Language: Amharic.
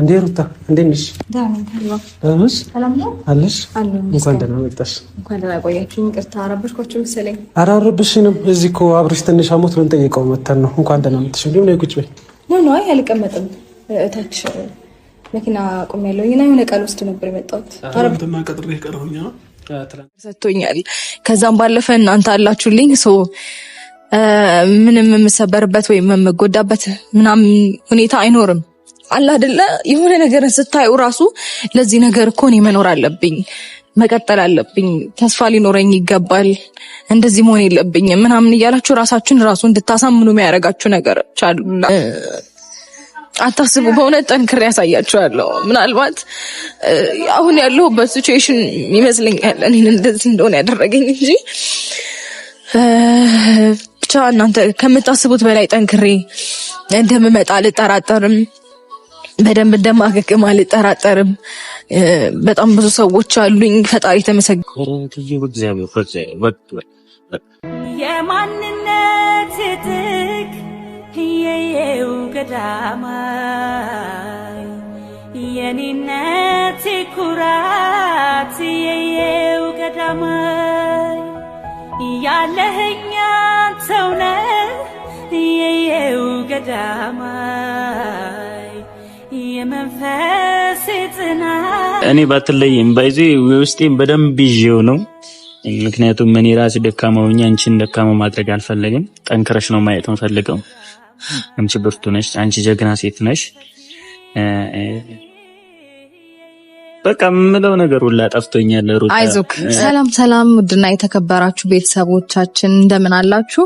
እንዴ ሩታ እንዴት ነሽ? አለሽ? አለሽ። እንኳን ደህና መጣሽ። እንኳን ደህና ቆያችሁ። ይቅርታ አረበሽኳችሁ መሰለኝ። ኧረ አረብሽንም እዚህ እኮ አብረሽ ትንሽ አሞት ልንጠይቀው መተን ነው። እንኳን ደህና መጣሽ። እንዲሁም ነው ቁጭ በይ። ኖ ኖ፣ አይ አልቀመጥም። እታች መኪና ያለው ይና የሆነ ቃል ውስጥ ነበር የመጣሁት። አረብተማ ቀጥሬ ቀረሁኛ ሰጥቶኛል። ከዛም ባለፈ እናንተ አላችሁልኝ ሶ ምንም የምሰበርበት ወይም የምጎዳበት ምናምን ሁኔታ አይኖርም። አለ አይደለ? የሆነ ነገርን ስታዩ ራሱ ለዚህ ነገር እኮ እኔ መኖር አለብኝ፣ መቀጠል አለብኝ፣ ተስፋ ሊኖረኝ ይገባል፣ እንደዚህ መሆን የለብኝም ምናምን እያላችሁ ራሳችሁን ራሱ እንድታሳምኑ የሚያደርጋችሁ ነገሮች አሉ። አታስቡ፣ በእውነት ጠንክሬ ያሳያችኋለሁ። ምናልባት አሁን ያለሁበት ሲቹዌሽን ይመስለኛል እኔን እንደዚህ እንደሆነ ያደረገኝ እንጂ ብቻ እናንተ ከምታስቡት በላይ ጠንክሬ እንደምመጣ አልጠራጠርም። በደንብ እንደማገግም አልጠራጠርም። በጣም ብዙ ሰዎች አሉኝ። ፈጣሪ የተመሰገነ የማንነት ትክ እየየው ገዳማይ የኔነት ኩራት እየየው ገዳማይ ያለህኝ እኔ ባትለይም ባይዜ ውስጤም በደንብ ይዤው ነው። ምክንያቱም እኔ ራሴ ደካማ ሆኜ አንቺን ደካማ ማድረግ አልፈለግም። ጠንክረሽ ነው ማየት እንፈልገው። አንቺ ብርቱ ነሽ። አንቺ ጀግና ሴት ነሽ። በቃ ምለው ነገር ሁላ ጠፍቶኛል። አይዞክ። ሰላም ሰላም። ውድና የተከበራችሁ ቤተሰቦቻችን እንደምን አላችሁ?